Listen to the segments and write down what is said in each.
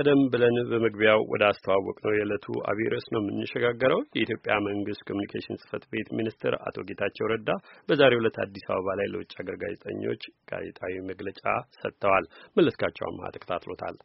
ቀደም ብለን በመግቢያው ወደ አስተዋወቅ ነው የዕለቱ አብይ ርዕስ ነው የምንሸጋገረው። የኢትዮጵያ መንግስት ኮሚኒኬሽን ጽህፈት ቤት ሚኒስትር አቶ ጌታቸው ረዳ በዛሬው ዕለት አዲስ አበባ ላይ ለውጭ ሀገር ጋዜጠኞች ጋዜጣዊ መግለጫ ሰጥተዋል። መለስካቸው አማሃ ተከታትሎታል።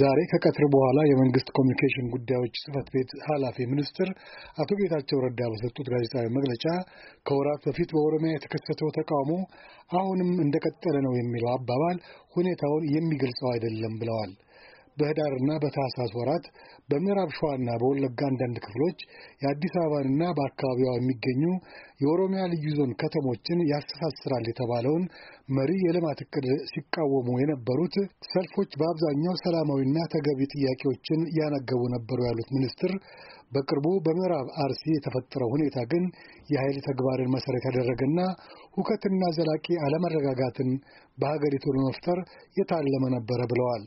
ዛሬ ከቀትር በኋላ የመንግስት ኮሚኒኬሽን ጉዳዮች ጽህፈት ቤት ኃላፊ ሚኒስትር አቶ ጌታቸው ረዳ በሰጡት ጋዜጣዊ መግለጫ ከወራት በፊት በኦሮሚያ የተከሰተው ተቃውሞ አሁንም እንደቀጠለ ነው የሚለው አባባል ሁኔታውን የሚገልጸው አይደለም ብለዋል። በህዳርና በታህሳስ ወራት በምዕራብ ሸዋና በወለጋ አንዳንድ ክፍሎች የአዲስ አበባንና በአካባቢዋ የሚገኙ የኦሮሚያ ልዩ ዞን ከተሞችን ያስተሳስራል የተባለውን መሪ የልማት እቅድ ሲቃወሙ የነበሩት ሰልፎች በአብዛኛው ሰላማዊና ተገቢ ጥያቄዎችን ያነገቡ ነበሩ ያሉት ሚኒስትር በቅርቡ በምዕራብ አርሲ የተፈጠረው ሁኔታ ግን የኃይል ተግባርን መሠረት ያደረገና ሁከትና ዘላቂ አለመረጋጋትን በሀገሪቱ ለመፍጠር የታለመ ነበረ ብለዋል።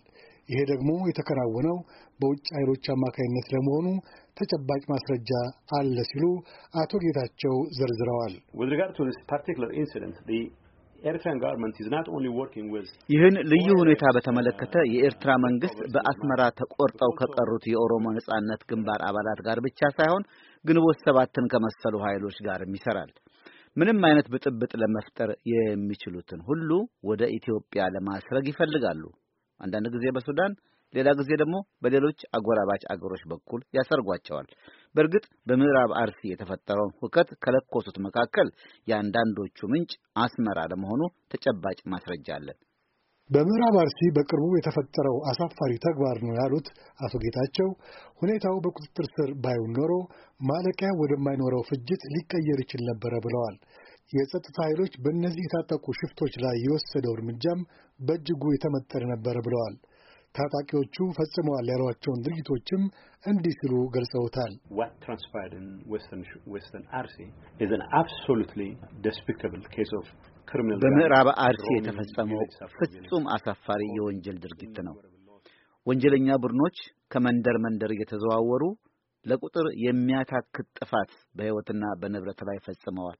ይሄ ደግሞ የተከናወነው በውጭ ኃይሎች አማካኝነት ለመሆኑ ተጨባጭ ማስረጃ አለ ሲሉ አቶ ጌታቸው ዘርዝረዋል። ይህን ልዩ ሁኔታ በተመለከተ የኤርትራ መንግስት በአስመራ ተቆርጠው ከቀሩት የኦሮሞ ነጻነት ግንባር አባላት ጋር ብቻ ሳይሆን ግንቦት ሰባትን ከመሰሉ ኃይሎች ጋርም ይሰራል። ምንም አይነት ብጥብጥ ለመፍጠር የሚችሉትን ሁሉ ወደ ኢትዮጵያ ለማስረግ ይፈልጋሉ። አንዳንድ ጊዜ በሱዳን ሌላ ጊዜ ደግሞ በሌሎች አጎራባች አገሮች በኩል ያሰርጓቸዋል። በእርግጥ በምዕራብ አርሲ የተፈጠረውን ሁከት ከለኮሱት መካከል የአንዳንዶቹ ምንጭ አስመራ ለመሆኑ ተጨባጭ ማስረጃ አለን። በምዕራብ አርሲ በቅርቡ የተፈጠረው አሳፋሪ ተግባር ነው ያሉት አቶ ጌታቸው ሁኔታው በቁጥጥር ስር ባይሆን ኖሮ ማለቂያ ወደማይኖረው ፍጅት ሊቀየር ይችል ነበረ ብለዋል። የጸጥታ ኃይሎች በእነዚህ የታጠቁ ሽፍቶች ላይ የወሰደው እርምጃም በእጅጉ የተመጠረ ነበር ብለዋል። ታጣቂዎቹ ፈጽመዋል ያሏቸውን ድርጊቶችም እንዲህ ሲሉ ገልጸውታል። በምዕራብ አርሲ የተፈጸመው ፍጹም አሳፋሪ የወንጀል ድርጊት ነው። ወንጀለኛ ቡድኖች ከመንደር መንደር እየተዘዋወሩ ለቁጥር የሚያታክት ጥፋት በሕይወትና በንብረት ላይ ፈጽመዋል።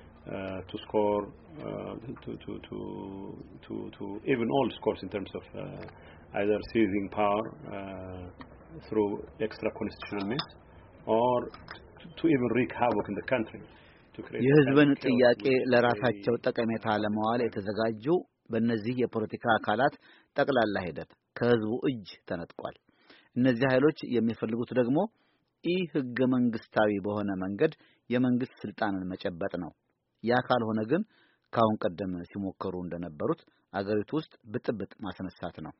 to score uh, to, to, to to to even all scores in terms of uh, either seizing power uh, through extra constitutional means or to even wreak havoc in the country የህዝብን ጥያቄ ለራሳቸው ጠቀሜታ ለመዋል የተዘጋጁ በእነዚህ የፖለቲካ አካላት ጠቅላላ ሂደት ከህዝቡ እጅ ተነጥቋል። እነዚህ ኃይሎች የሚፈልጉት ደግሞ ኢ ህገ መንግስታዊ በሆነ መንገድ የመንግስት ስልጣንን መጨበጥ ነው። ያ ካልሆነ ግን ከአሁን ቀደም ሲሞከሩ እንደነበሩት አገሪቱ ውስጥ ብጥብጥ ማስነሳት ነው።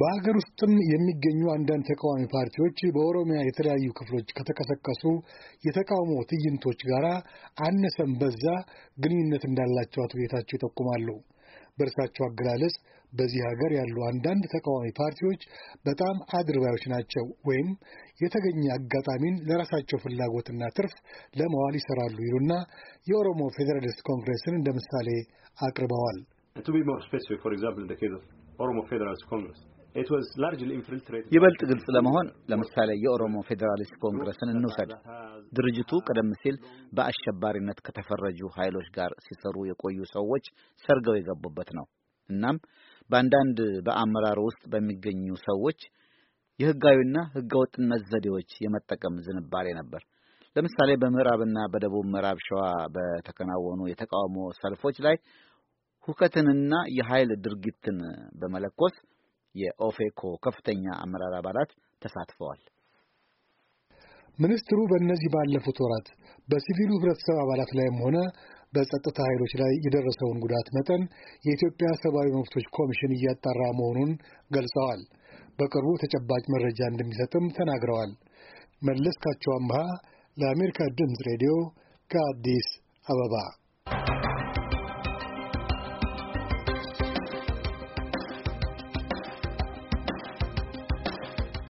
በሀገር ውስጥም የሚገኙ አንዳንድ ተቃዋሚ ፓርቲዎች በኦሮሚያ የተለያዩ ክፍሎች ከተቀሰቀሱ የተቃውሞ ትዕይንቶች ጋር አነሰም በዛ ግንኙነት እንዳላቸው አቶ ጌታቸው ይጠቁማሉ። በእርሳቸው አገላለጽ በዚህ ሀገር ያሉ አንዳንድ ተቃዋሚ ፓርቲዎች በጣም አድርባዮች ናቸው ወይም የተገኘ አጋጣሚን ለራሳቸው ፍላጎትና ትርፍ ለመዋል ይሰራሉ ይሉና የኦሮሞ ፌዴራሊስት ኮንግረስን እንደ ምሳሌ አቅርበዋል። ይበልጥ ግልጽ ለመሆን ለምሳሌ የኦሮሞ ፌዴራሊስት ኮንግረስን እንውሰድ። ድርጅቱ ቀደም ሲል በአሸባሪነት ከተፈረጁ ኃይሎች ጋር ሲሰሩ የቆዩ ሰዎች ሰርገው የገቡበት ነው። እናም በአንዳንድ በአመራር ውስጥ በሚገኙ ሰዎች የህጋዊና ህገወጥነት ዘዴዎች የመጠቀም ዝንባሌ ነበር። ለምሳሌ በምዕራብና በደቡብ ምዕራብ ሸዋ በተከናወኑ የተቃውሞ ሰልፎች ላይ ሁከትንና የኃይል ድርጊትን በመለኮስ የኦፌኮ ከፍተኛ አመራር አባላት ተሳትፈዋል። ሚኒስትሩ በእነዚህ ባለፉት ወራት በሲቪሉ ህብረተሰብ አባላት ላይም ሆነ በጸጥታ ኃይሎች ላይ የደረሰውን ጉዳት መጠን የኢትዮጵያ ሰብአዊ መብቶች ኮሚሽን እያጣራ መሆኑን ገልጸዋል። በቅርቡ ተጨባጭ መረጃ እንደሚሰጥም ተናግረዋል። መለስካቸው አምሃ ለአሜሪካ ድምፅ ሬዲዮ ከአዲስ አበባ